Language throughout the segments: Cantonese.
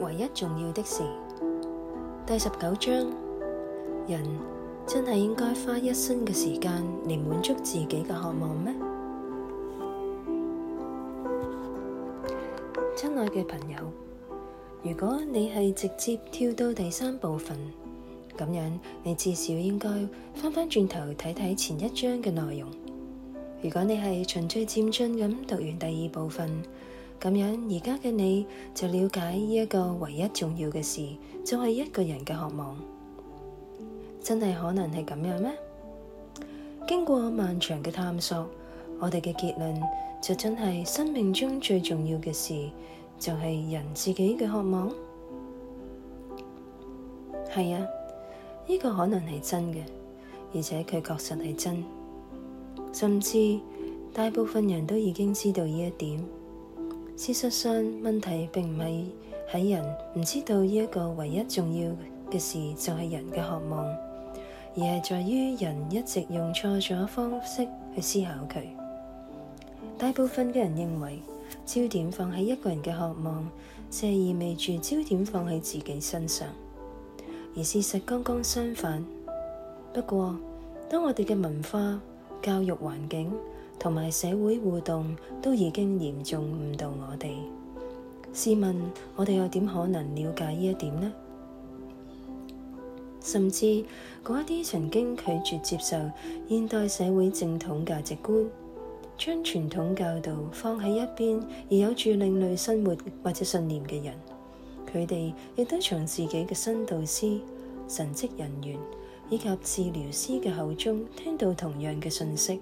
唯一重要的事，第十九章，人真係應該花一生嘅時間嚟滿足自己嘅渴望咩？親愛嘅朋友，如果你係直接跳到第三部分，咁樣你至少應該翻翻轉頭睇睇前一章嘅內容。如果你係循序漸進咁讀完第二部分。咁樣，而家嘅你就了解呢一個唯一重要嘅事，就係、是、一個人嘅渴望，真係可能係咁樣咩？經過漫長嘅探索，我哋嘅結論就真係生命中最重要嘅事，就係、是、人自己嘅渴望。係啊，呢、這個可能係真嘅，而且佢確實係真，甚至大部分人都已經知道呢一點。事實上，問題並唔係喺人唔知道呢一個唯一重要嘅事就係人嘅渴望，而係在於人一直用錯咗方式去思考佢。大部分嘅人認為焦點放喺一個人嘅渴望，即係意味住焦點放喺自己身上，而事實剛剛相反。不過，當我哋嘅文化、教育環境，同埋社會互動都已經嚴重誤導我哋。試問我哋有點可能了解呢一點呢？甚至嗰一啲曾經拒絕接受現代社會正統價值觀，將傳統教導放喺一邊而有住另類生活或者信念嘅人，佢哋亦都從自己嘅新導師、神職人員以及治療師嘅口中聽到同樣嘅信息。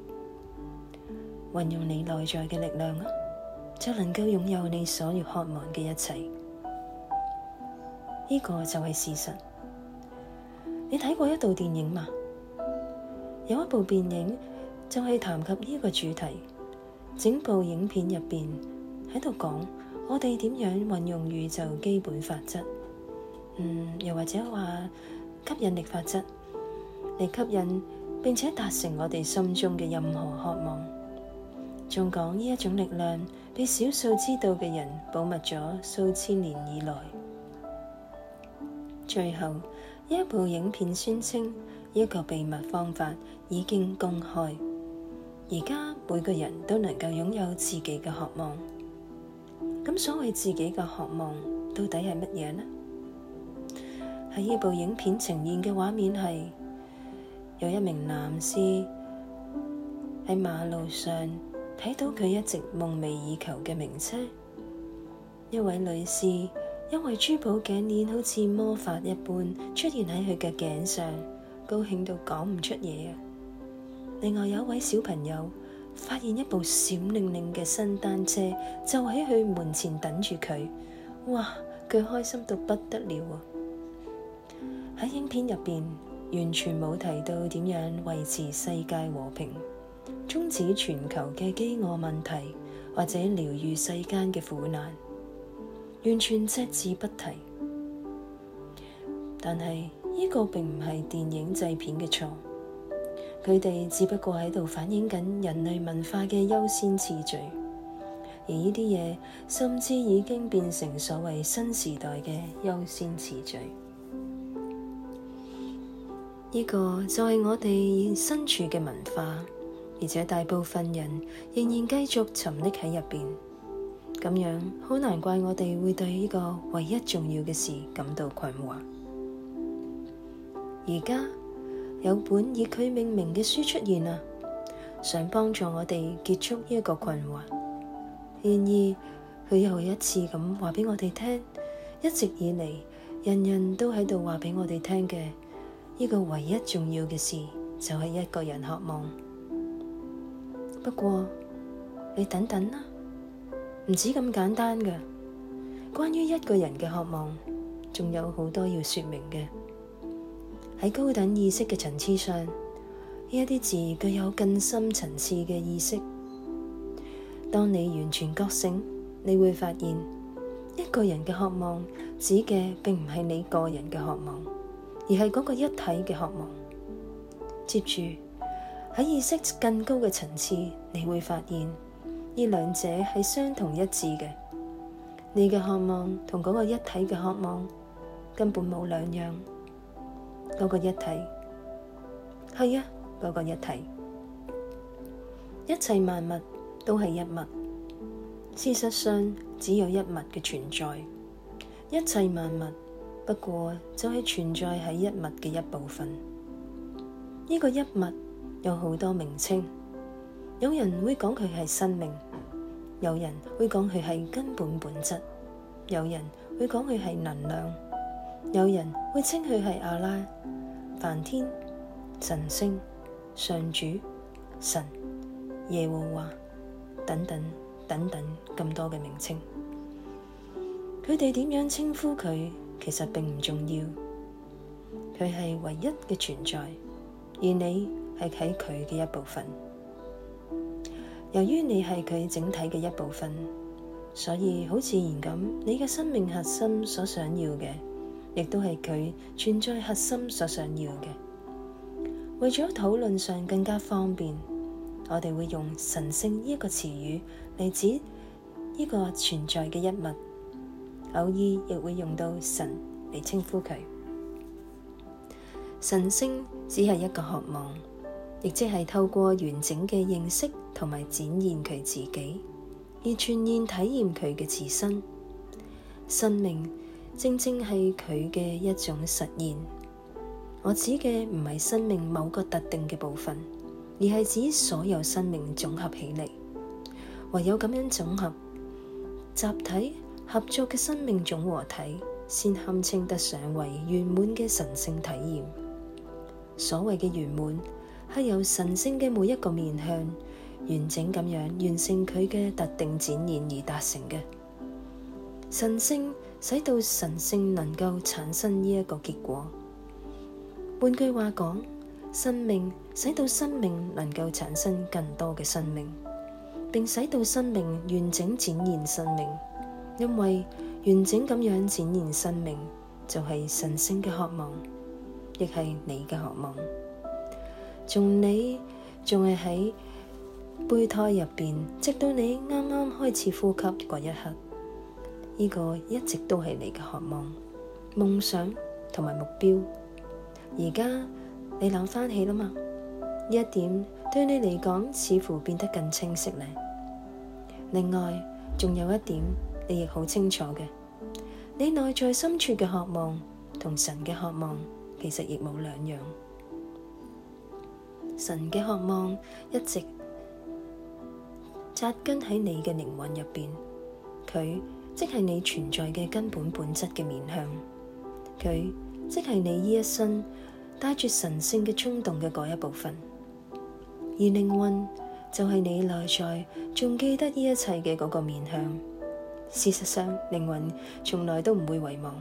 運用你內在嘅力量啊，就能夠擁有你所要渴望嘅一切。呢個就係事實。你睇過一部電影嘛？有一部電影就係談及呢個主題。整部影片入面喺度講我哋點樣運用宇宙基本法則，嗯，又或者話吸引力法則嚟吸引，並且達成我哋心中嘅任何渴望。仲講呢一種力量俾少數知道嘅人保密咗數千年以來。最後，一部影片宣稱一個秘密方法已經公開，而家每個人都能夠擁有自己嘅渴望。咁所謂自己嘅渴望到底係乜嘢呢？喺呢部影片呈現嘅畫面係有一名男士喺馬路上。睇到佢一直夢寐以求嘅名車，一位女士因為珠寶頸鏈好似魔法一般出現喺佢嘅頸上，高興到講唔出嘢。另外有一位小朋友發現一部閃令令嘅新單車，就喺佢門前等住佢，哇！佢開心到不得了啊！喺影片入邊，完全冇提到點樣維持世界和平。終止全球嘅飢餓問題，或者療癒世間嘅苦難，完全只字不提。但係呢個並唔係電影製片嘅錯，佢哋只不過喺度反映緊人類文化嘅優先次序，而呢啲嘢甚至已經變成所謂新時代嘅優先次序。呢個就係我哋身處嘅文化。而且大部分人仍然繼續沉溺喺入邊，咁樣好難怪我哋會對呢個唯一重要嘅事感到困惑。而家有本以佢命名嘅書出現啦，想幫助我哋結束呢一個困惑。然而佢又一次咁話畀我哋聽，一直以嚟人人都喺度話畀我哋聽嘅呢個唯一重要嘅事就係一個人渴望。不過，你等等啦，唔止咁簡單㗎。關於一個人嘅渴望，仲有好多要說明嘅。喺高等意識嘅層次上，呢一啲字具有更深層次嘅意識。當你完全覺醒，你會發現一個人嘅渴望指嘅並唔係你個人嘅渴望，而係嗰個一體嘅渴望。接住。喺意識更高嘅層次，你會發現呢兩者係相同一致嘅。你嘅渴望同嗰個一體嘅渴望根本冇兩樣。嗰個一體係啊，嗰個一體，一切萬物都係一物。事實上，只有一物嘅存在，一切萬物不過就係存在喺一物嘅一部分。呢個一物。有好多名稱，有人會講佢係生命，有人會講佢係根本本質，有人會講佢係能量，有人會稱佢係阿拉、梵天、神星、上主、神、耶和華等等等等咁多嘅名稱。佢哋點樣稱呼佢，其實並唔重要。佢係唯一嘅存在，而你係喺佢嘅一部分。由於你係佢整體嘅一部分，所以好自然咁，你嘅生命核心所想要嘅，亦都係佢存在核心所想要嘅。為咗討論上更加方便，我哋會用“神聖”呢一個詞語嚟指呢個存在嘅一物，偶爾亦會用到神“神”嚟稱呼佢。神聖只係一個渴望。亦即係透過完整嘅認識同埋展現佢自己，而全然體驗佢嘅自身。生命正正係佢嘅一種實現。我指嘅唔係生命某個特定嘅部分，而係指所有生命總合起嚟。唯有咁樣總合、集體合作嘅生命總和體，先堪稱得上為圓滿嘅神聖體驗。所謂嘅圓滿係由神聖嘅每一個面向完整咁樣完成佢嘅特定展現而達成嘅。神聖使到神聖能夠產生呢一個結果。換句話講，生命使到生命能夠產生更多嘅生命，並使到生命完整展現生命。因為完整咁樣展現生命，就係神聖嘅渴望，亦係你嘅渴望。仲你仲係喺胚胎入邊，直到你啱啱開始呼吸嗰一刻，呢個一直都係你嘅渴望、夢想同埋目標。而家你諗翻起啦嘛，呢一點對你嚟講似乎變得更清晰咧。另外，仲有一點你亦好清楚嘅，你內在深處嘅渴望同神嘅渴望其實亦冇兩樣。神嘅渴望一直扎根喺你嘅靈魂入邊，佢即係你存在嘅根本本質嘅面向，佢即係你依一生帶住神聖嘅衝動嘅嗰一部分，而靈魂就係你內在仲記得呢一切嘅嗰個面向。事實上，靈魂從來都唔會遺忘，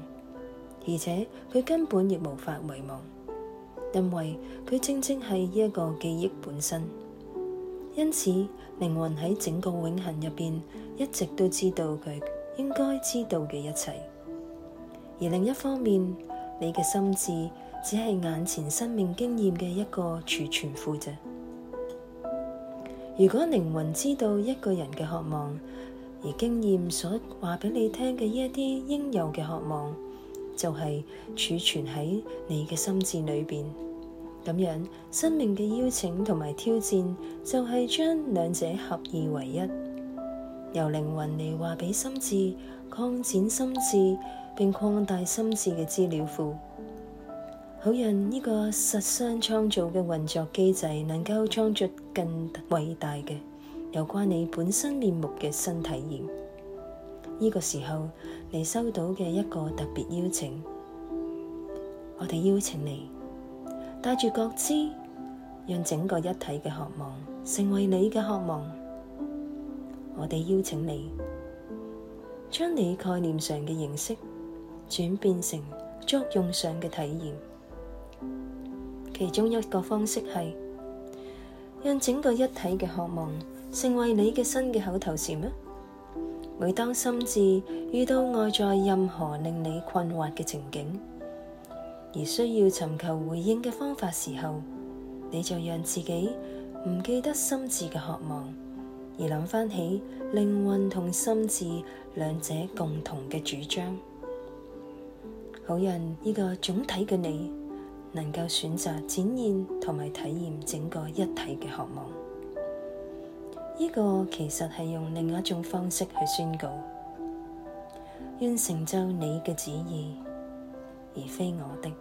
而且佢根本亦無法遺忘。因為佢正正係呢一個記憶本身，因此靈魂喺整個永恒入邊一直都知道佢應該知道嘅一切。而另一方面，你嘅心智只係眼前生命經驗嘅一個儲存庫啫。如果靈魂知道一個人嘅渴望，而經驗所話俾你聽嘅呢一啲應有嘅渴望，就係儲存喺你嘅心智裏邊。咁樣，生命嘅邀請同埋挑戰就係將兩者合二為一，由靈魂嚟話畀心智，擴展心智，並擴大心智嘅資料庫。 好讓呢個實相創造嘅運作機制，能夠創造更偉大嘅有關你本身面目嘅新體驗。呢、呢個時候，你收到嘅一個特別邀請，我哋邀請你。帶住覺知，讓整個一體嘅渴望成為你嘅渴望。我哋邀請你，將你概念上嘅形式轉變成作用上嘅體驗。其中一個方式係，讓整個一體嘅渴望成為你嘅新嘅口頭禪啊！每當心智遇到外在任何令你困惑嘅情景，而需要尋求回應嘅方法時候，你就讓自己唔記得心智嘅渴望，而諗翻起靈魂同心智兩者共同嘅主張。好人，呢個總體嘅你，能夠選擇展現同埋體驗整個一體嘅渴望。呢個其實係用另一種方式去宣告，願成就你嘅旨意，而非我的。